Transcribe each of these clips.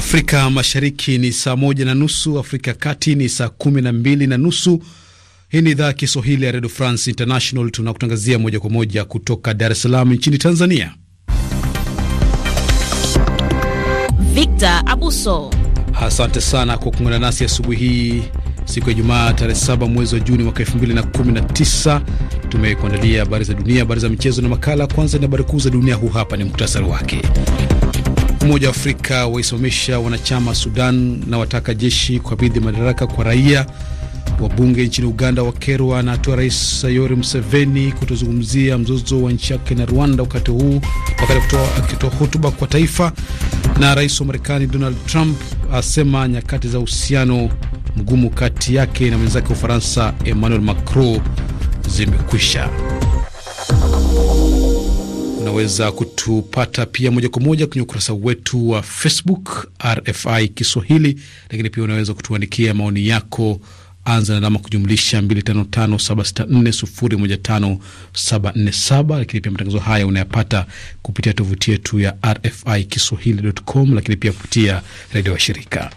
Afrika Mashariki ni saa moja na nusu, Afrika Kati ni saa kumi na mbili na nusu. Hii ni idhaa ya Kiswahili ya Redio France International, tunakutangazia moja kwa moja kutoka Dar es Salaam nchini Tanzania. Victor Abuso, asante sana kwa kuungana nasi asubuhi hii siku ya Jumaa tarehe 7 mwezi wa Juni mwaka 2019. Tumekuandalia habari za dunia, habari za michezo na makala. Kwanza ni habari kuu za dunia, huu hapa ni muhtasari wake. Umoja wa Afrika waisimamisha wanachama Sudan na wataka jeshi kukabidhi madaraka kwa raia. Wabunge nchini Uganda wakerwa na hatua Rais Yoweri Museveni kutozungumzia mzozo wa nchi yake na Rwanda wakati huu wakati akitoa hotuba kwa taifa. Na rais wa Marekani Donald Trump asema nyakati za uhusiano mgumu kati yake na mwenzake wa Ufaransa Emmanuel Macron zimekwisha. Unaweza kutupata pia moja kwa moja kwenye ukurasa wetu wa Facebook RFI Kiswahili, lakini pia unaweza kutuandikia maoni yako, anza na alama kujumlisha 255764015747. Lakini pia matangazo haya unayapata kupitia tovuti yetu ya RFI Kiswahili.com, lakini pia kupitia redio wa shirika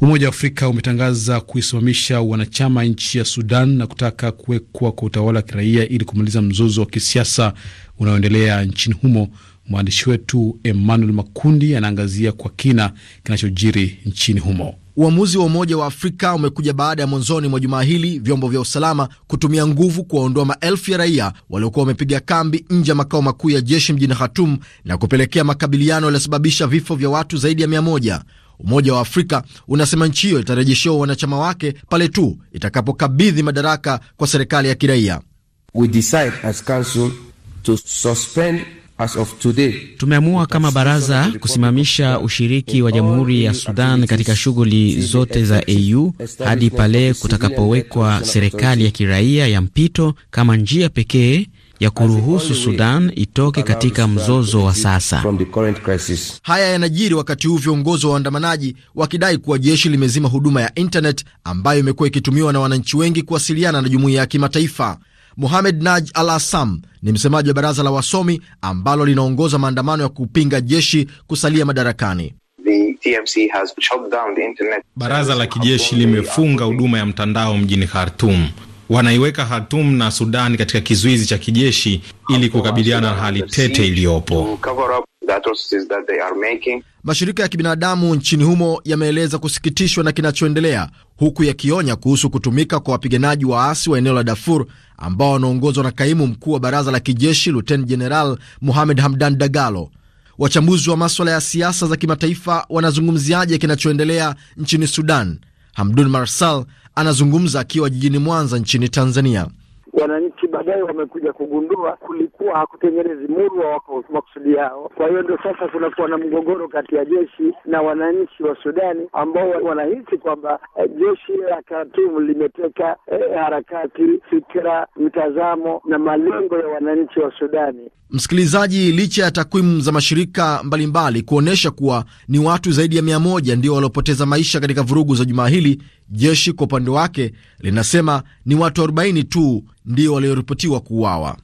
Umoja wa Afrika umetangaza kuisimamisha wanachama nchi ya Sudan na kutaka kuwekwa kwa utawala wa kiraia ili kumaliza mzozo wa kisiasa unaoendelea nchini humo. Mwandishi wetu Emmanuel Makundi anaangazia kwa kina kinachojiri nchini humo. Uamuzi wa Umoja wa Afrika umekuja baada ya mwanzoni mwa jumaa hili vyombo vya usalama kutumia nguvu kuwaondoa maelfu ya raia waliokuwa wamepiga kambi nje ya makao makuu ya jeshi mjini Khartoum na kupelekea makabiliano yaliyosababisha vifo vya watu zaidi ya mia moja. Umoja wa Afrika unasema nchi hiyo itarejeshewa wanachama wake pale tu itakapokabidhi madaraka kwa serikali ya kiraia. Tumeamua kama baraza kusimamisha ushiriki wa Jamhuri ya Sudan katika shughuli zote za AU hadi pale kutakapowekwa serikali ya kiraia ya mpito kama njia pekee ya kuruhusu Sudan itoke katika mzozo wa sasa. Haya yanajiri wakati huu viongozi wa waandamanaji wakidai kuwa jeshi limezima huduma ya intanet ambayo imekuwa ikitumiwa na wananchi wengi kuwasiliana na jumuiya ya kimataifa. Mohamed Naj Al Assam ni msemaji wa baraza la wasomi ambalo linaongoza maandamano ya kupinga jeshi kusalia madarakani. Baraza la kijeshi limefunga huduma ya mtandao mjini Khartum wanaiweka Hatum na Sudan katika kizuizi cha kijeshi ili kukabiliana na hali tete iliyopo. Mashirika ya kibinadamu nchini humo yameeleza kusikitishwa na kinachoendelea, huku yakionya kuhusu kutumika kwa wapiganaji waasi wa eneo la Darfur ambao wanaongozwa na kaimu mkuu wa baraza la kijeshi Luteni Jeneral Mohamed Hamdan Dagalo. Wachambuzi wa maswala ya siasa za kimataifa wanazungumziaje kinachoendelea nchini Sudan? Hamdun Marsal anazungumza akiwa jijini Mwanza nchini Tanzania. Wananchi baadaye wamekuja kugundua kulikuwa hakutengenezi murwa wako makusudi yao. Kwa hiyo ndio sasa kunakuwa na mgogoro kati ya jeshi na wananchi wa Sudani ambao wanahisi kwamba eh, jeshi la Khartoum limeteka eh, harakati, fikira, mtazamo na malengo ya wananchi wa Sudani. Msikilizaji, licha ya takwimu za mashirika mbalimbali kuonyesha kuwa ni watu zaidi ya mia moja ndio waliopoteza maisha katika vurugu za jumaa hili, Jeshi kwa upande wake linasema ni watu 40 tu ndio walioripotiwa kuuawa.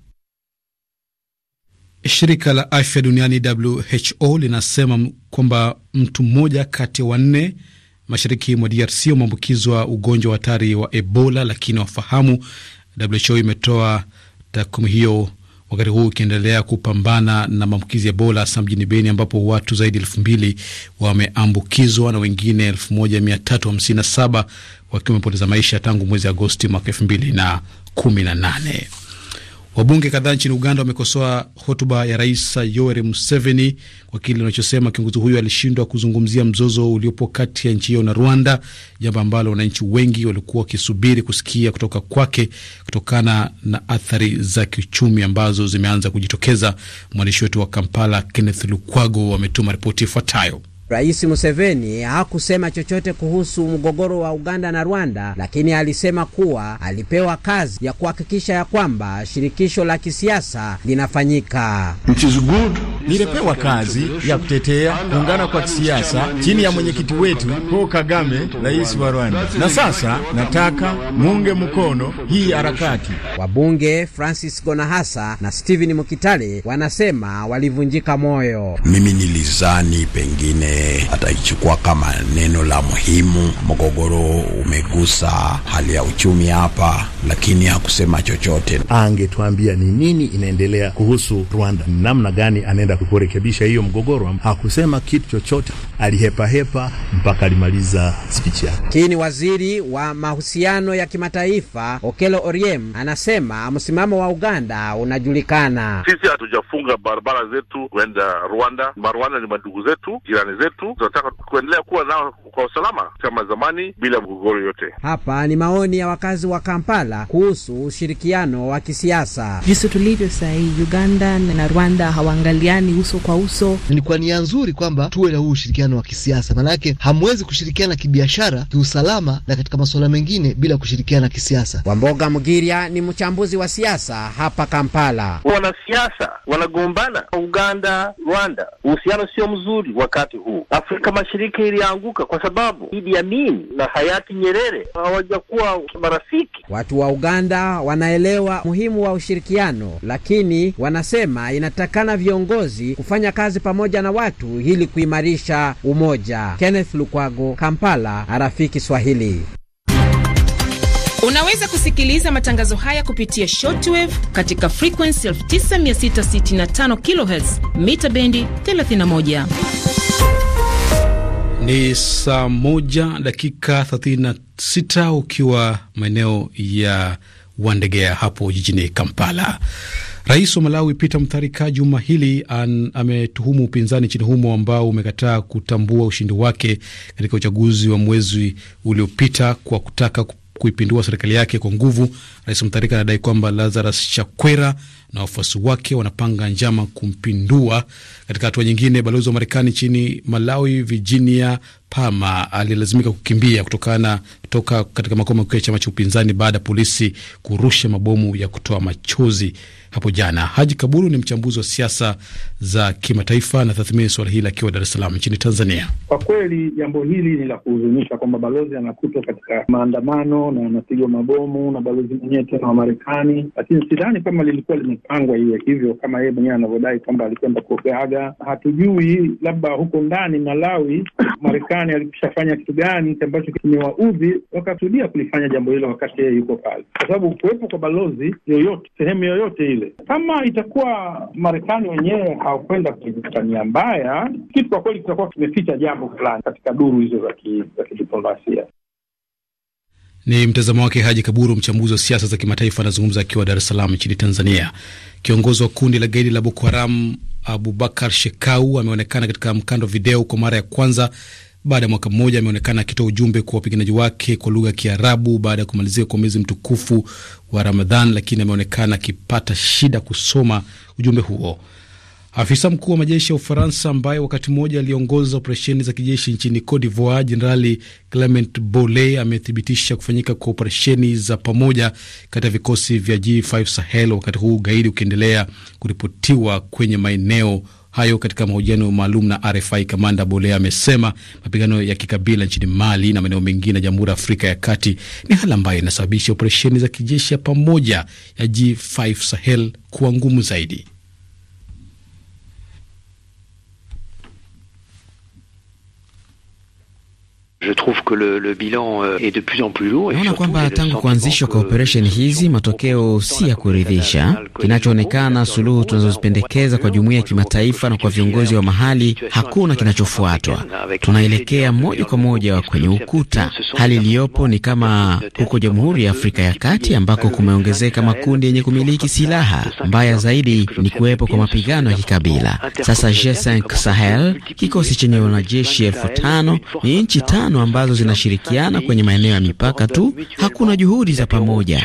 Shirika la afya duniani WHO linasema kwamba mtu mmoja kati ya wanne mashariki mwa DRC wameambukizwa ugonjwa wa hatari wa Ebola, lakini wafahamu. WHO imetoa takwimu hiyo wakati huu ukiendelea kupambana na maambukizi ya Ebola hasa mjini Beni ambapo watu zaidi elfu mbili wameambukizwa na wengine elfu moja mia tatu hamsini na saba wakiwa wamepoteza maisha tangu mwezi Agosti mwaka elfu mbili na kumi na nane. Wabunge kadhaa nchini Uganda wamekosoa hotuba ya Rais Yoweri Museveni kwa kile anachosema kiongozi huyo alishindwa kuzungumzia mzozo uliopo kati ya nchi hiyo na Rwanda, jambo ambalo wananchi wengi walikuwa wakisubiri kusikia kutoka kwake kutokana na athari za kiuchumi ambazo zimeanza kujitokeza. Mwandishi wetu wa Kampala, Kenneth Lukwago, ametuma ripoti ifuatayo. Rais Museveni hakusema chochote kuhusu mgogoro wa Uganda na Rwanda, lakini alisema kuwa alipewa kazi ya kuhakikisha ya kwamba shirikisho la kisiasa linafanyika. It is good nilipewa kazi ya kutetea kuungana kwa kisiasa chini ya mwenyekiti wetu Paul Kagame, rais wa Rwanda, na sasa nataka muunge mkono hii harakati. Wabunge Francis Gonahasa na Steven Mukitale wanasema walivunjika moyo. Mimi nilizani pengine ataichukua kama neno la muhimu. Mgogoro umegusa hali ya uchumi hapa lakini hakusema chochote. Angetuambia ni nini inaendelea kuhusu Rwanda, namna gani anaenda kurekebisha hiyo mgogoro. Hakusema kitu chochote, alihepahepa mpaka alimaliza speech yake. Lakini waziri wa mahusiano ya kimataifa Okelo Oriem anasema msimamo wa Uganda unajulikana. Sisi hatujafunga barabara zetu kwenda Rwanda. Marwanda ni madugu zetu, jirani zetu, tunataka kuendelea kuwa nao kwa usalama kama zamani, bila mgogoro yote. Hapa ni maoni ya wakazi wa Kampala Kampala kuhusu ushirikiano wa kisiasa. Jinsi tulivyo sahii, Uganda na Rwanda hawaangaliani uso kwa uso. Ni kwa nia nzuri kwamba tuwe na huu ushirikiano wa kisiasa, maanake hamwezi kushirikiana kibiashara, kiusalama na katika masuala mengine bila kushirikiana kisiasa. Wamboga Mgirya ni mchambuzi wa siasa hapa Kampala. Wanasiasa wanagombana Uganda, Rwanda, uhusiano sio mzuri wakati huu. Afrika Mashariki ilianguka kwa sababu Idi Amin na hayati Nyerere hawajakuwa marafiki. Watu wa Uganda wanaelewa muhimu wa ushirikiano, lakini wanasema inatakana viongozi kufanya kazi pamoja na watu ili kuimarisha umoja. Kenneth Lukwago, Kampala, arafiki swahili Unaweza kusikiliza matangazo haya kupitia shortwave katika frequency 9665 kHz mita bendi 31. Ni saa moja dakika 36 ukiwa maeneo ya Wandegea hapo jijini Kampala. Rais wa Malawi Peter Mutharika juma hili ametuhumu upinzani nchini humo ambao umekataa kutambua ushindi wake katika uchaguzi wa mwezi uliopita kwa kutaka kuipindua serikali yake kwa nguvu. Rais Mutharika anadai kwamba Lazarus Chakwera na wafuasi wake wanapanga njama kumpindua. Katika hatua nyingine, balozi wa Marekani nchini Malawi Virginia pama alilazimika kukimbia kutokana toka katika makao makuu ya chama cha upinzani baada ya polisi kurusha mabomu ya kutoa machozi hapo jana. Haji Kaburu ni mchambuzi wa siasa za kimataifa na tathmini suala hili akiwa Dar es Salaam nchini Tanzania. Kwa kweli jambo hili ni la kuhuzunisha kwamba balozi anakutwa katika maandamano na anapigwa mabomu na balozi mwenyewe tena wa Marekani, lakini sidhani kama lilikuwa limepangwa iwe hivyo kama yeye mwenyewe anavyodai kwamba alikwenda kuogaga. Hatujui, labda huko ndani Malawi Marekani alikushafanya kitu gani ambacho kimewaudhi wakasudia kulifanya jambo hilo wakati yeye yuko pale, kwa sababu kuwepo kwa balozi yoyote sehemu yoyote ile, kama itakuwa Marekani wenyewe kwenda kujikuta mbaya, kitu kwa kweli kitakuwa kimeficha jambo fulani katika duru hizo za kidiplomasia. Ni mtazamo wake Haji Kaburu, mchambuzi wa siasa za kimataifa, anazungumza akiwa Dar es Salaam nchini Tanzania. Kiongozi wa kundi la gaidi la Boko Haram Abubakar Shekau ameonekana katika mkando wa video kwa mara ya kwanza baada ya mwaka mmoja. Ameonekana akitoa ujumbe kwa wapiganaji wake kwa lugha ya Kiarabu baada ya kumalizika kwa mwezi mtukufu wa Ramadhan, lakini ameonekana akipata shida kusoma ujumbe huo. Afisa mkuu wa majeshi ya Ufaransa ambaye wakati mmoja aliongoza operesheni za kijeshi nchini Cote d'Ivoire, Jenerali Clement Bole amethibitisha kufanyika kwa operesheni za pamoja kati ya vikosi vya G5 Sahel, wakati huu ugaidi ukiendelea kuripotiwa kwenye maeneo hayo. Katika mahojiano maalum na RFI, kamanda Bole amesema mapigano ya kikabila nchini Mali na maeneo mengine ya Jamhuri ya Afrika ya Kati ni hali ambayo inasababisha operesheni za kijeshi ya pamoja ya G5 Sahel kuwa ngumu zaidi. naona kwamba tangu kuanzishwa kwa operesheni hizi matokeo si ya kuridhisha. Kinachoonekana, suluhu tunazozipendekeza kwa jumuiya ya kimataifa na kwa viongozi wa mahali, hakuna kinachofuatwa. Tunaelekea moja kwa moja kwenye ukuta. Hali iliyopo ni kama huko Jamhuri ya Afrika ya Kati ambako kumeongezeka makundi yenye kumiliki silaha. Mbaya zaidi ni kuwepo kwa mapigano ya kikabila. Sasa G5 Sahel, kikosi chenye wanajeshi elfu tano ni nchi tano tano ambazo zinashirikiana kwenye maeneo ya mipaka tu, hakuna juhudi za pamoja.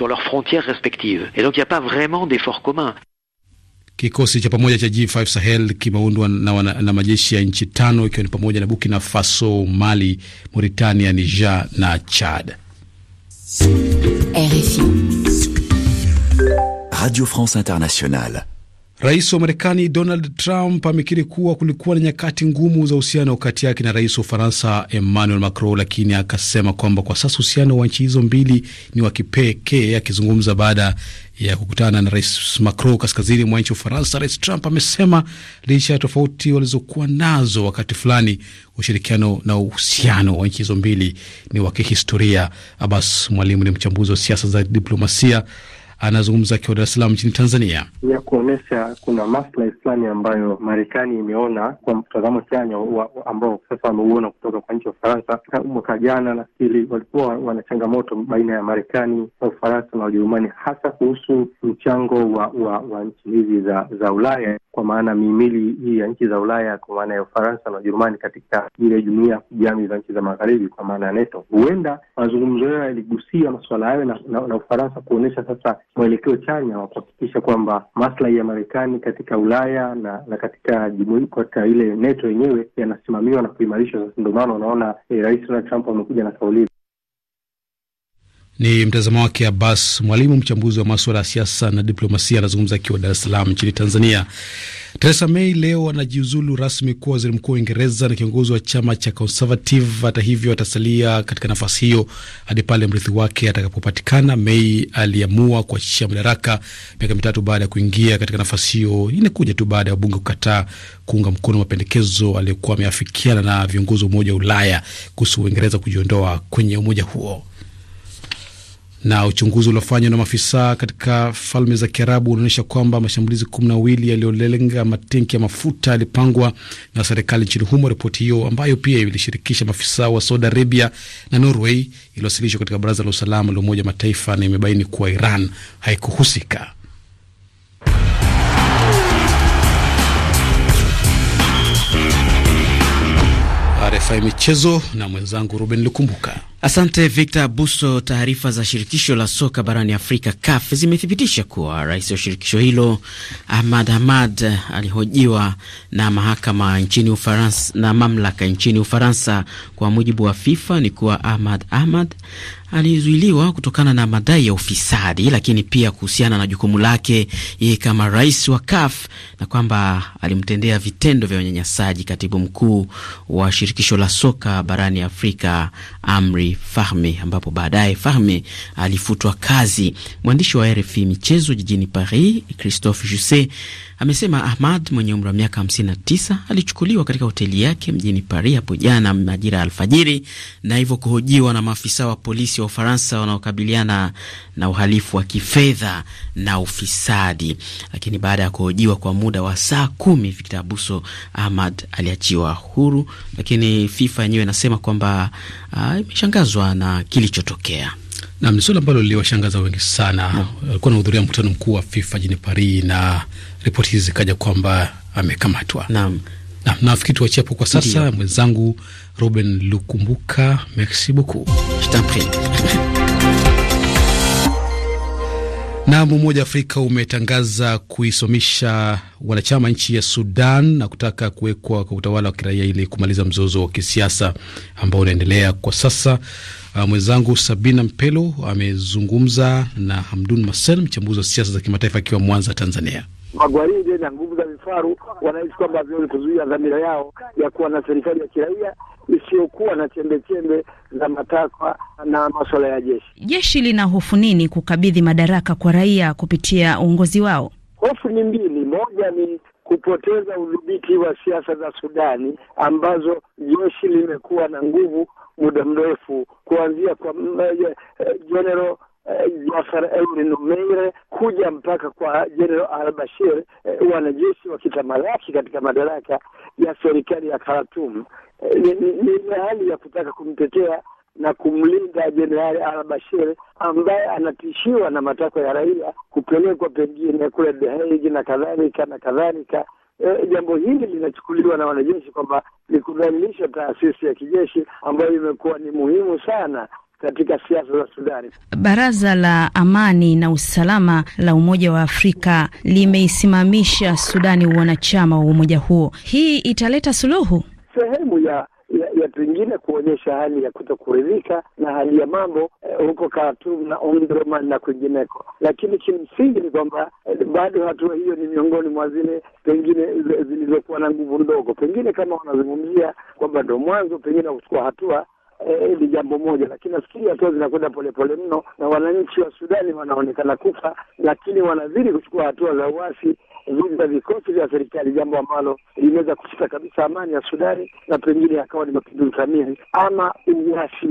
Kikosi cha pamoja cha G5 Sahel kimeundwa na, na majeshi ya nchi tano ikiwa ni pamoja na Burkina Faso, Mali, Mauritania, Niger na Chad. RFI Radio France Internationale Rais wa Marekani Donald Trump amekiri kuwa kulikuwa na nyakati ngumu za uhusiano kati yake na rais wa Ufaransa Emmanuel Macron, lakini akasema kwamba kwa sasa uhusiano wa nchi hizo mbili ni wa kipekee. Akizungumza baada ya kukutana na rais Macron kaskazini mwa nchi ya Ufaransa, rais Trump amesema licha ya tofauti walizokuwa nazo wakati fulani, ushirikiano na uhusiano wa nchi hizo mbili ni wa kihistoria. Abbas Mwalimu ni mchambuzi wa siasa za diplomasia anazungumza akiwa Dar es Salaam nchini Tanzania, ya kuonyesha kuna maslahi fulani ambayo Marekani imeona kwa mtazamo chanya ambao sasa wameuona kutoka kwa nchi ya Ufaransa. Mwaka jana nafikiri walikuwa wana changamoto baina ya Marekani na Ufaransa na Ujerumani, hasa kuhusu mchango wa, wa, wa nchi hizi za, za Ulaya, kwa maana mihimili hii ya nchi za Ulaya kwa maana ya Ufaransa na Ujerumani katika ile jumuia jami kijami za nchi za magharibi kwa maana ya NATO. Huenda mazungumzo hayo yaligusia masuala hayo na, na, na Ufaransa kuonyesha sasa mwelekeo chanya wa kuhakikisha kwamba maslahi ya Marekani katika Ulaya na, na katika jumuiko ile NATO yenyewe yanasimamiwa na kuimarishwa. Sasa ndio maana unaona eh, Rais Donald Trump amekuja na kauli ni mtazamo wake Abbas Mwalimu, mchambuzi wa maswala ya siasa na diplomasia, anazungumza akiwa Dar es Salaam nchini Tanzania. Theresa May leo anajiuzulu rasmi kuwa waziri mkuu wa Uingereza na kiongozi wa chama cha Conservative. Hata hivyo, atasalia katika nafasi hiyo hadi pale mrithi wake atakapopatikana. May aliamua kuachisha madaraka miaka mitatu baada ya kuingia katika nafasi hiyo. Inakuja tu baada ya wabunge kukataa kuunga mkono mapendekezo aliyokuwa ameafikiana na viongozi wa Umoja wa Ulaya kuhusu Uingereza kujiondoa kwenye umoja huo. Na uchunguzi uliofanywa na maafisa katika Falme za Kiarabu unaonyesha kwamba mashambulizi kumi na wawili yaliyolenga matenki ya mafuta yalipangwa na serikali nchini humo. Ripoti hiyo ambayo pia ilishirikisha maafisa wa Saudi Arabia na Norway iliwasilishwa katika Baraza la Usalama la Umoja Mataifa na imebaini kuwa Iran haikuhusika. RFI Michezo na mwenzangu Ruben Lukumbuka. Asante Victor Buso. Taarifa za shirikisho la soka barani Afrika, CAF, zimethibitisha kuwa rais wa shirikisho hilo Ahmad Hamad alihojiwa na mahakama nchini Ufaransa, na mamlaka nchini Ufaransa. Kwa mujibu wa FIFA ni kuwa Ahmad Ahmad alizuiliwa kutokana na madai ya ufisadi, lakini pia kuhusiana na jukumu lake yeye kama rais wa CAF na kwamba alimtendea vitendo vya unyanyasaji katibu mkuu wa shirikisho la soka barani Afrika Amri Farme, ambapo baadaye Farme alifutwa kazi. Mwandishi wa RFI michezo jijini Paris, Christophe Jusset amesema Ahmad mwenye umri wa miaka 59 alichukuliwa katika hoteli yake mjini Paris hapo jana majira ya alfajiri na hivyo kuhojiwa na maafisa wa polisi wa Ufaransa wanaokabiliana na uhalifu wa kifedha na ufisadi. Lakini baada ya kuhojiwa kwa muda wa saa kumi, Victor Abuso, Ahmad aliachiwa huru, lakini FIFA yenyewe inasema kwamba ah, imeshangazwa na kilichotokea. Nam, ni suala ambalo liliwashangaza wengi sana. Alikuwa no. wanahudhuria mkutano mkuu wa FIFA jini Paris na ripoti hizi zikaja kwamba amekamatwa. Naam. Na nafikiri tuachie hapo kwa sasa. Mwenzangu Ruben Lukumbuka, merci beaucoup. Na Umoja wa Afrika umetangaza kuisomisha wanachama nchi ya Sudan na kutaka kuwekwa kwa utawala wa kiraia ili kumaliza mzozo wa kisiasa ambao unaendelea kwa sasa. Uh, mwenzangu Sabina Mpelo amezungumza na Hamdun Masel, mchambuzi wa siasa za kimataifa akiwa Mwanza, Tanzania magwaride na nguvu za vifaru wanaishi kwamba viwezi kuzuia dhamira yao ya kuwa na serikali ya kiraia isiyokuwa na chembe chembe za matakwa na masuala ya jeshi. Jeshi lina hofu nini kukabidhi madaraka kwa raia kupitia uongozi wao? Hofu ni mbili, moja ni kupoteza udhibiti wa siasa za Sudani ambazo jeshi limekuwa na nguvu muda mrefu kuanzia kwa eh, eh, General Eh, Jafar Euri Numeire kuja mpaka kwa General al-Bashir, eh, wanajeshi wakitamalaki katika madaraka ya serikali ya Khartoum. Eh, ni, ni, hali ya kutaka kumtetea na kumlinda Jenerali al-Bashir ambaye anatishiwa na matakwa ya raia kupelekwa pengine kule The Hague na kadhalika na kadhalika. E, jambo hili linachukuliwa na wanajeshi kwamba ni kudhalilisha taasisi ya kijeshi ambayo imekuwa ni muhimu sana katika siasa za Sudani. Baraza la Amani na Usalama la Umoja wa Afrika limeisimamisha Sudani wanachama wa umoja huo. Hii italeta suluhu sehemu ya ya pengine kuonyesha hali ya kutokuridhika na hali ya mambo eh, huko Khartoum na Omdurman na kwingineko, lakini kimsingi ni kwamba eh, bado hatua hiyo ni miongoni mwa zile pengine zilizokuwa na nguvu ndogo. Pengine kama wanazungumzia kwamba ndo mwanzo pengine wa kuchukua hatua eh, eh, jambo moja, lakini nafikiri hatua zinakwenda polepole mno, na wananchi wa Sudani wanaonekana kufa, lakini wanazidi kuchukua hatua za uasi dhidi ya vikosi vya serikali, jambo ambalo limeweza kushika kabisa amani ya Sudani na pengine yakawa ni mapinduzi kamili ama uasi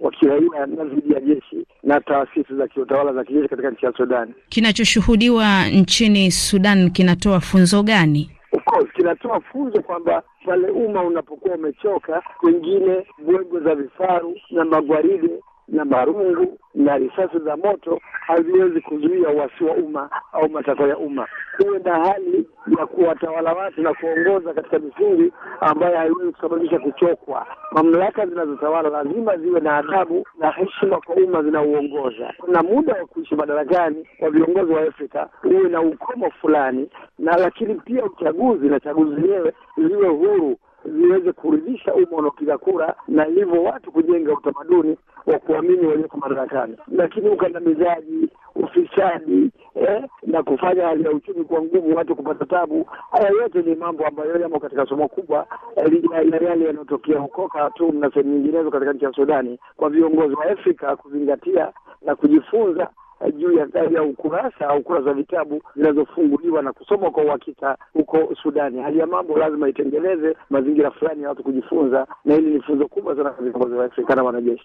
wa kiraia na dhidi ya jeshi na taasisi za kiutawala za kijeshi katika nchi ya Sudani. Kinachoshuhudiwa nchini Sudan kinatoa funzo gani? of course kinatoa funzo kwamba pale umma unapokuwa umechoka, wengine bwegwe za vifaru na magwaride na marungu na risasi za moto haziwezi kuzuia uasi wa umma au matakwa ya umma. Kuwe na hali ya kuwatawala watu na kuongoza katika misingi ambayo haiwezi kusababisha kuchokwa. Mamlaka zinazotawala lazima ziwe na adabu na heshima kwa umma zinauongoza. Kuna muda wa kuishi madarakani kwa viongozi wa Afrika uwe na ukomo fulani, na lakini pia uchaguzi na chaguzi zenyewe ziwe huru ziweze kuridhisha umma unaopiga kura, na hivyo watu kujenga utamaduni wa kuamini walioko madarakani. Lakini ukandamizaji, ufisadi eh, na kufanya hali ya uchumi kuwa ngumu, watu kupata tabu, haya yote ni mambo ambayo yamo katika somo kubwa eh, ya yale yanayotokea huko Khartoum na sehemu nyinginezo katika nchi ya Sudani, kwa viongozi wa Afrika kuzingatia na kujifunza juu ya ndani ya ukurasa au kurasa za vitabu zinazofunguliwa na kusomwa kwa uhakika huko Sudani. Hali ya mambo lazima itengeneze mazingira fulani ya watu kujifunza, na hili ni funzo kubwa sana kwa viongozi wa Afrika na wanajeshi.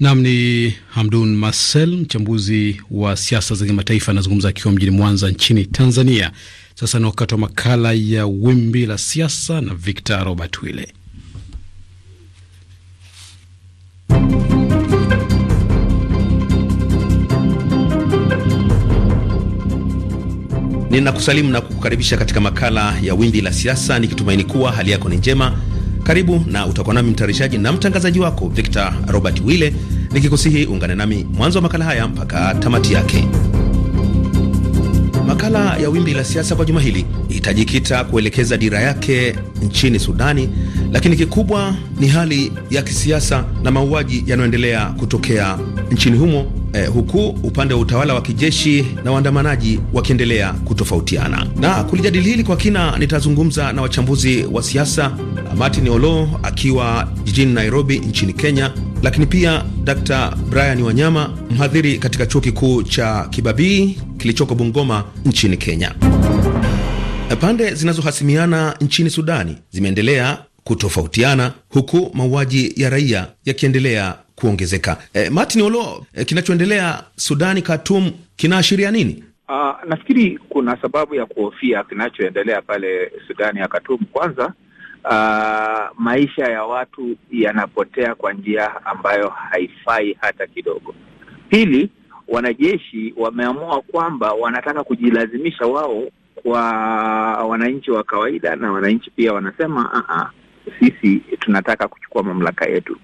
Nam ni Hamdun Marcel, mchambuzi wa siasa za kimataifa, anazungumza akiwa mjini Mwanza nchini Tanzania. Sasa ni wakati wa makala ya Wimbi la Siasa na Victor Robert Wile. Ninakusalimu na kukukaribisha katika makala ya Wimbi la Siasa, nikitumaini kuwa hali yako ni njema. Karibu na utakuwa nami mtayarishaji na mtangazaji wako Victor Robert Wille, nikikusihi ungane nami mwanzo wa makala haya mpaka tamati yake. Makala ya Wimbi la Siasa kwa juma hili itajikita kuelekeza dira yake nchini Sudani, lakini kikubwa ni hali ya kisiasa na mauaji yanayoendelea kutokea nchini humo eh, huku upande wa utawala wa kijeshi na waandamanaji wakiendelea kutofautiana. Na kulijadili hili kwa kina, nitazungumza na wachambuzi wa siasa, Martin Olo akiwa jijini Nairobi nchini Kenya, lakini pia Dr. Brian Wanyama, mhadhiri katika chuo kikuu cha Kibabii kilichoko Bungoma nchini Kenya. Eh, pande zinazohasimiana nchini Sudani zimeendelea kutofautiana huku mauaji ya raia yakiendelea kuongezeka. E, Martin Olo, e, kinachoendelea Sudani Khartoum kinaashiria nini? Uh, nafikiri kuna sababu ya kuhofia kinachoendelea pale Sudani ya Khartoum. Kwanza uh, maisha ya watu yanapotea kwa njia ambayo haifai hata kidogo. Pili, wanajeshi wameamua kwamba wanataka kujilazimisha wao kwa wananchi wa kawaida, na wananchi pia wanasema uh -uh, sisi tunataka kuchukua mamlaka yetu.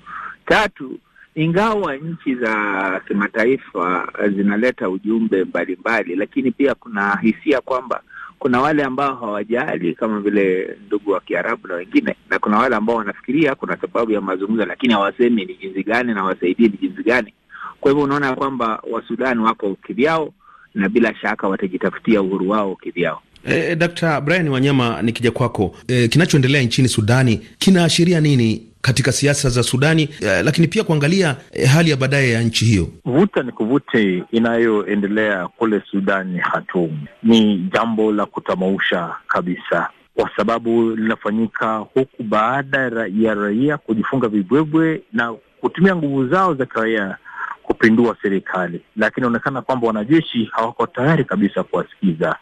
Tatu, ingawa nchi za kimataifa eh, zinaleta ujumbe mbalimbali, lakini pia kuna hisia kwamba kuna wale ambao hawajali kama vile ndugu wa Kiarabu na wengine, na kuna wale ambao wanafikiria kuna sababu ya mazungumzo, lakini hawasemi ni jinsi gani na wasaidie ni jinsi gani. Kwa hivyo unaona kwamba Wasudani wako kivyao na bila shaka watajitafutia uhuru wao kivyao. E, eh, eh, Dr. Brian Wanyama, nikija kwako e, kinachoendelea nchini Sudani kinaashiria nini katika siasa za Sudani e, lakini pia kuangalia e, hali ya baadaye ya nchi hiyo? Vuta ni kuvute inayoendelea kule Sudani, Hatum, ni jambo la kutamausha kabisa kwa sababu linafanyika huku baada ya raia kujifunga vibwebwe na kutumia nguvu zao za kiraia kupindua serikali, lakini inaonekana kwamba wanajeshi hawako tayari kabisa kuwasikiza.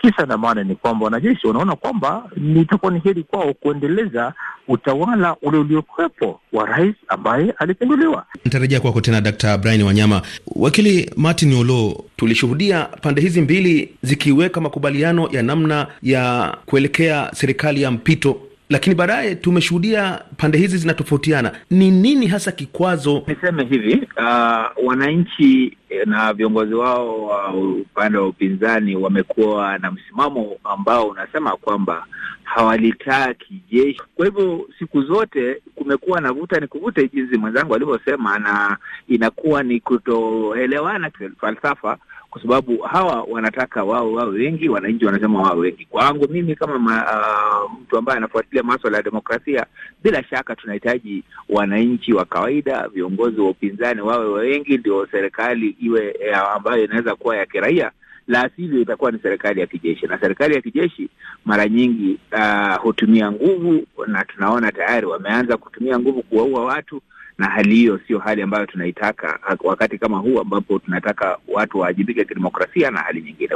Kisa na maana ni kwamba wanajeshi wanaona kwamba nitakuwa ni heri kwao kuendeleza utawala ule uliokuwepo wa rais ambaye alipinduliwa. Nitarejea kwako tena, Dkt. Brian Wanyama. Wakili Martin Olo, tulishuhudia pande hizi mbili zikiweka makubaliano ya namna ya kuelekea serikali ya mpito lakini baadaye tumeshuhudia pande hizi zinatofautiana. Ni nini hasa kikwazo? Niseme hivi, uh, wananchi eh, na viongozi wao wa uh, upande wa upinzani wamekuwa na msimamo ambao unasema kwamba hawalitaa kijeshi. Kwa hivyo siku zote kumekuwa na vuta ni kuvuta, jinsi mwenzangu alivyosema, na inakuwa ni kutoelewana falsafa kwa sababu hawa wanataka wao wawe wengi, wananchi wanasema wawe wengi. Kwangu mimi kama ma, uh, mtu ambaye anafuatilia maswala ya demokrasia, bila shaka tunahitaji wananchi wa kawaida, viongozi wa upinzani wawe wengi, ndio serikali iwe eh, ambayo inaweza kuwa ya kiraia la asili itakuwa ni serikali ya kijeshi, na serikali ya kijeshi mara nyingi uh, hutumia nguvu, na tunaona tayari wameanza kutumia nguvu kuwaua watu na hali hiyo sio hali ambayo tunaitaka wakati kama huu ambapo tunataka watu waajibike kidemokrasia na hali nyingine.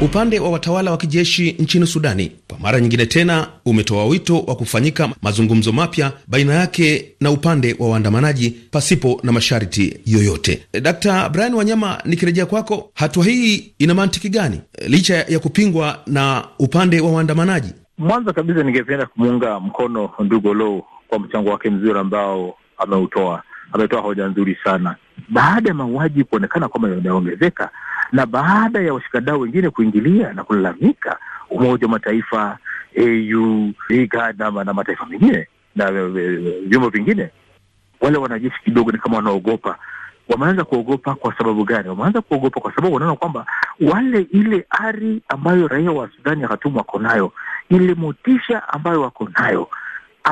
Upande wa watawala wa kijeshi nchini Sudani kwa mara nyingine tena umetoa wito wa kufanyika mazungumzo mapya baina yake na upande wa waandamanaji pasipo na masharti yoyote. Dkt. Brian Wanyama, nikirejea kwako, hatua hii ina mantiki gani licha ya kupingwa na upande wa waandamanaji? Mwanzo kabisa ningependa kumuunga mkono ndugu Lou kwa mchango wake mzuri ambao ameutoa. Ametoa hoja nzuri sana. Baada ya mauaji kuonekana kwamba yameongezeka na baada ya washikadau wengine kuingilia na kulalamika, Umoja wa Mataifa, AU, IGAD na mataifa mengine na e, e, vyombo vingine, wale wanajeshi kidogo ni kama wanaogopa. Wameanza kuogopa kwa sababu gani? Wameanza kuogopa kwa sababu wanaona kwamba wale ile ari ambayo raia wa Sudani ya Khartoum wako nayo, ile motisha ambayo wako nayo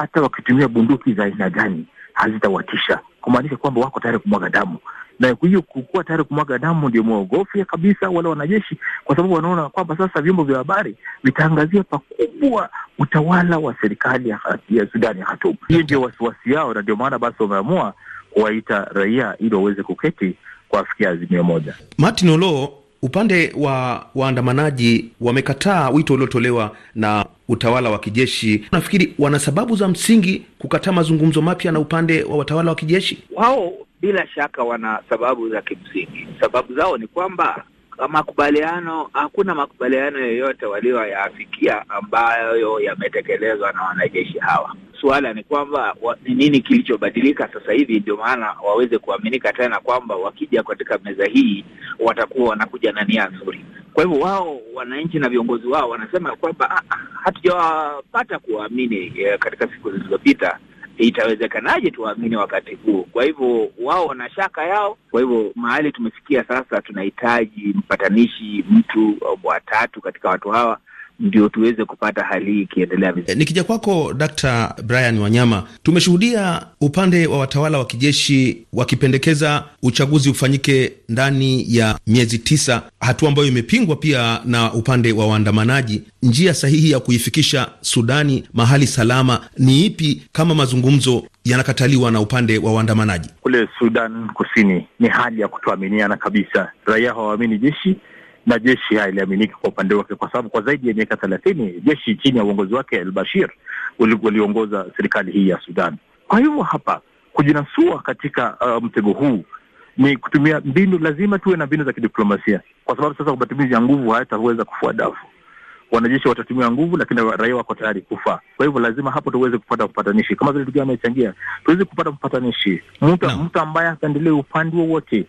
hata wakitumia bunduki za aina gani hazitawatisha, kumaanisha kwamba wako tayari kumwaga damu. Na kwa hiyo kukuwa tayari kumwaga damu ndio mwaogofya kabisa wale wanajeshi, kwa sababu wanaona kwamba sasa vyombo vya habari vitaangazia pakubwa utawala wa serikali ya, ya Sudani ya Khartoum. Hiyo ndio wasiwasi yao, na ndio maana basi wameamua kuwaita raia ili waweze kuketi kuafikia azimio moja. Martin Olo Upande wa waandamanaji wamekataa wito uliotolewa na utawala wa kijeshi. Nafikiri wana sababu za msingi kukataa mazungumzo mapya na upande wa watawala wa kijeshi. Wao bila shaka wana sababu za kimsingi. Sababu zao ni kwamba makubaliano, hakuna makubaliano yoyote walioyaafikia ambayo yametekelezwa na wanajeshi hawa suala ni kwamba ni nini kilichobadilika sasa hivi, ndio maana waweze kuaminika tena kwamba wakija katika meza hii watakuwa wanakuja na nia nzuri. Kwa hivyo wao wananchi na viongozi wao wanasema kwamba ah, ah, hatujawapata kuwaamini eh, katika siku zilizopita, itawezekanaje tuwaamini wakati huu? Kwa hivyo wao wana shaka yao. Kwa hivyo mahali tumefikia sasa, tunahitaji mpatanishi, mtu watatu katika watu hawa ndio tuweze kupata hali hii ikiendelea vizuri. E, nikija kwako d Brian Wanyama, tumeshuhudia upande wa watawala wa kijeshi wakipendekeza uchaguzi ufanyike ndani ya miezi tisa, hatua ambayo imepingwa pia na upande wa waandamanaji. Njia sahihi ya kuifikisha Sudani mahali salama ni ipi kama mazungumzo yanakataliwa na upande wa waandamanaji? Kule Sudan Kusini ni hali ya kutoaminiana kabisa, raia hawaamini jeshi na jeshi haliaminiki kwa upande wake, kwa sababu kwa zaidi ya miaka thelathini jeshi chini ya uongozi wake Al Bashir waliongoza serikali hii ya Sudan. Kwa hivyo hapa kujinasua katika uh, mtego huu ni kutumia mbinu, lazima tuwe na mbinu za kidiplomasia, kwa sababu sasa matumizi ya nguvu hayataweza kufua dafu. Wanajeshi watatumia nguvu, lakini raia wako tayari kufa. Kwa hivyo lazima hapo tuweze kupata mpatanishi, kama vile tukiwa amechangia, tuweze kupata mpatanishi, mtu no. ambaye hapendelee upande wowote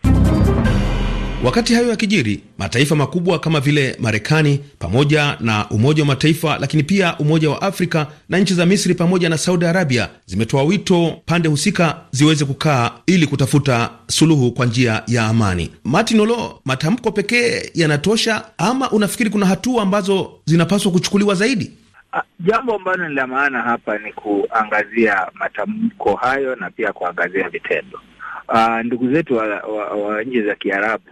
Wakati hayo yakijiri, mataifa makubwa kama vile Marekani pamoja na Umoja wa Mataifa, lakini pia Umoja wa Afrika na nchi za Misri pamoja na Saudi Arabia zimetoa wito pande husika ziweze kukaa ili kutafuta suluhu kwa njia ya amani. Martin Olo, matamko pekee yanatosha ama unafikiri kuna hatua ambazo zinapaswa kuchukuliwa zaidi? Ah, jambo ambalo ni la maana hapa ni kuangazia matamko hayo na pia kuangazia vitendo uh, ndugu zetu wa, wa, wa nchi za Kiarabu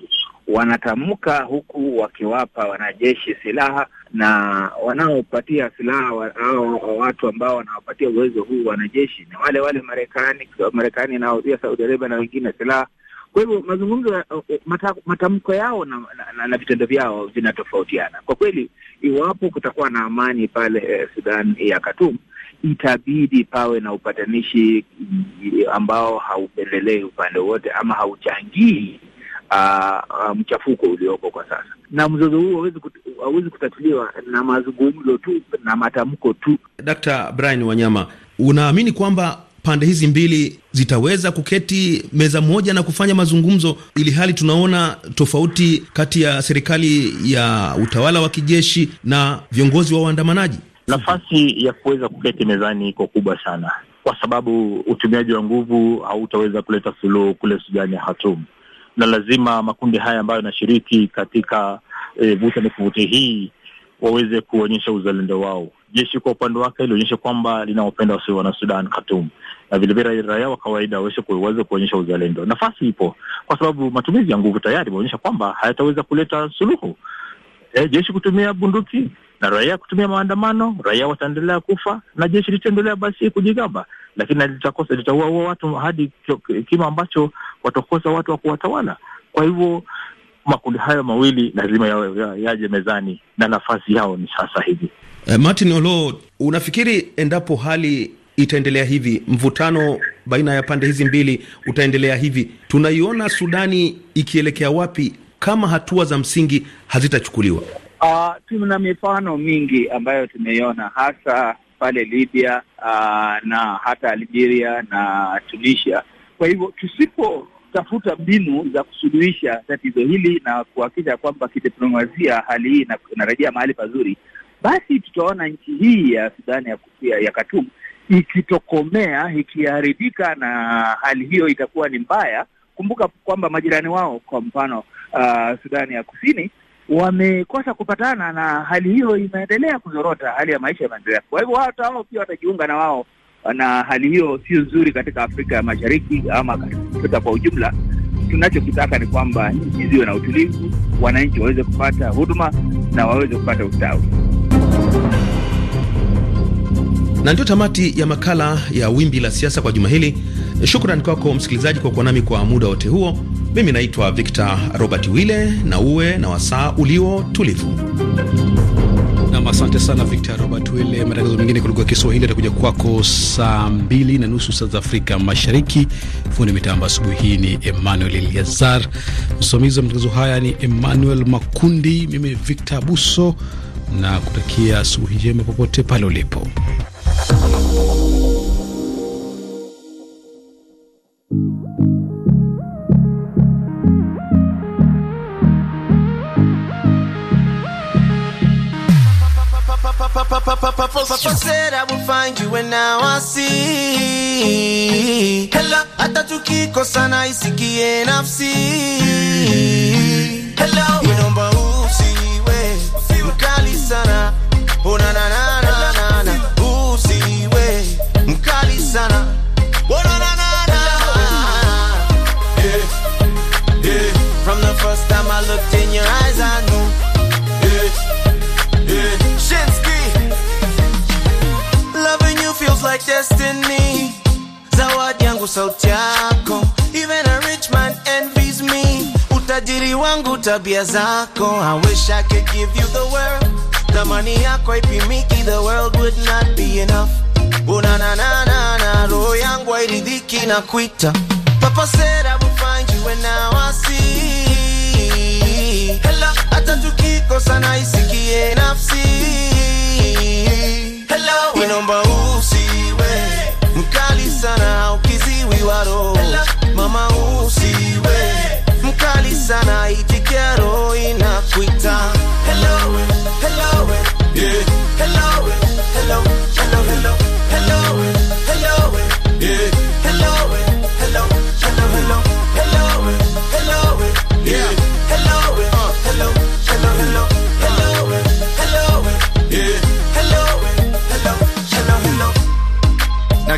wanatamka huku wakiwapa wanajeshi silaha na wanaopatia silaha hao watu ambao wanawapatia uwezo huu wanajeshi ni wale wale Marekani, Marekani inawauzia Saudi Arabia na wengine silaha. Kwa hivyo mazungumzo, matamko yao na, na, na, na vitendo vyao vinatofautiana kwa kweli. Iwapo kutakuwa na amani pale eh, Sudan ya Khartoum itabidi pawe na upatanishi mm, ambao haupendelei upande wote ama hauchangii uh, uh, mchafuko ulioko kwa sasa. Na mzozo huu hauwezi kutatuliwa na mazungumzo tu na matamko tu. Dkt. Brian Wanyama, unaamini kwamba pande hizi mbili zitaweza kuketi meza moja na kufanya mazungumzo, ili hali tunaona tofauti kati ya serikali ya utawala wa kijeshi na viongozi wa waandamanaji? Nafasi ya kuweza kuketi mezani iko kubwa sana, kwa sababu utumiaji wa nguvu hautaweza kuleta suluhu kule Sudani ya Khartoum, na lazima makundi haya ambayo yanashiriki katika e, vuta ni kuvuti hii waweze kuonyesha uzalendo wao. Jeshi kwa upande wake ilionyesha kwamba linawapenda wasio wana Sudan Khartoum, na vilevile raia wa kawaida waweze kuonyesha uzalendo. Nafasi ipo, kwa sababu matumizi ya nguvu tayari imeonyesha kwamba hayataweza kuleta suluhu. E, jeshi kutumia bunduki na raia kutumia maandamano, raia wataendelea kufa na jeshi litaendelea basi kujigamba, lakini litakosa litauaua watu hadi kima ambacho watakosa watu wa kuwatawala. Kwa hivyo makundi hayo mawili lazima yaje ya, yaje mezani na nafasi yao ni sasa hivi. Eh, Martin Olo, unafikiri endapo hali itaendelea hivi, mvutano baina ya pande hizi mbili utaendelea hivi, tunaiona Sudani ikielekea wapi kama hatua za msingi hazitachukuliwa? Uh, tuna mifano mingi ambayo tumeiona hasa pale Libya uh, na hata Algeria na Tunisia. Kwa hivyo tusipotafuta mbinu za kusuluhisha tatizo hili na kuhakikisha kwamba kidiplomasia hali hii inarejea mahali pazuri, basi tutaona nchi hii ya Sudani ya, ya, ya Khartoum ikitokomea ikiharibika, na hali hiyo itakuwa ni mbaya. Kumbuka kwamba majirani wao, kwa mfano uh, Sudani ya Kusini wamekosa kupatana, na hali hiyo imeendelea kuzorota, hali ya maisha imeendelea. Kwa hivyo hata wao pia watajiunga na wao, na hali hiyo sio nzuri katika Afrika ya Mashariki ama Afrika kwa ujumla. Tunachokitaka ni kwamba nchi ziwe na utulivu, wananchi waweze kupata huduma na waweze kupata ustawi. Na ndio tamati ya makala ya Wimbi la Siasa kwa juma hili. Shukran kwako msikilizaji kwa kuwa nami kwa muda wote huo. Mimi naitwa Victor Robert wille na uwe na wasaa ulio tulivu. Nam, asante sana Victor Robert wille Matangazo mengine kwa lugha ya Kiswahili atakuja kwako saa mbili na nusu saa za Afrika Mashariki. Fundi mitambo asubuhi hii ni Emmanuel Eliazar, msimamizi wa matangazo haya ni Emmanuel Makundi, mimi Victor Buso na kutakia asubuhi njema popote pale ulipo. folks, my folks said I would find you and now I see. Hela hata tukikosana isikie nafsi tabia zako. I wish I could give you the world, tamani yako haipimiki, the world would not be enough. Unananana, oh, roho yangu hairidhiki na kuita. Papa said I will find you and now I see. Hello hata tukikosana isikie nafsi. Hello, inomba usiwe mkali sana, ukiziwi wa roho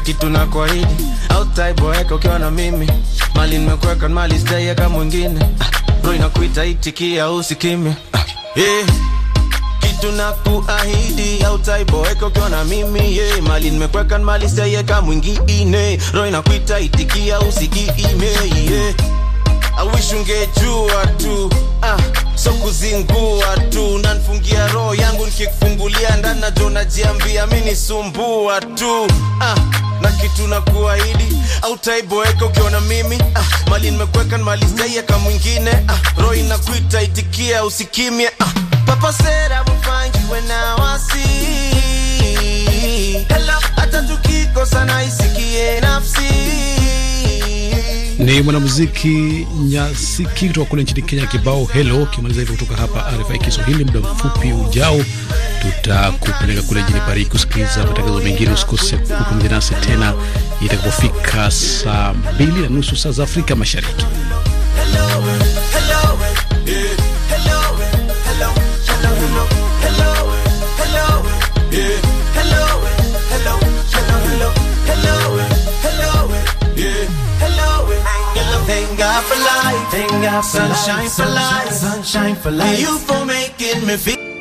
kitu na kwaidi au taiboeka ukiwa na mimi mali nimekuweka mali ah, sijaiweka ah, mwingine bro inakuita itikia na kuahidi tunakuahidi autaiboeka ukiwa na mimi ye yeah. mali nimekweka mali saieka mwingine roho inakuita itikia usikiime yeah. awish ungejua tu ah, so kuzingua tu nanfungia roho yangu nikikufungulia ndani najo najiambia mi nisumbua tu ah baki kuahidi au taiboeka ukiona mimi ah, mali nimekweka mali staiaka mwingine ah, roho inakuita itikia usikimie ah. papa sera mfangi wenawasi hata tukikosa isikie nafsi ni mwanamuziki Nyasiki kutoka kule nchini Kenya, kibao helo kimaliza hivyo. Kutoka hapa RFI Kiswahili, muda mfupi ujao tutakupeleka kule jini Paris kusikiliza matangazo mengine. Usikose kupumzika nasi tena itakapofika saa mbili na nusu saa za Afrika Mashariki. hello, hello, yeah. God for life. Thank God for sunshine life. for life. Sunshine for life. you for making me feel.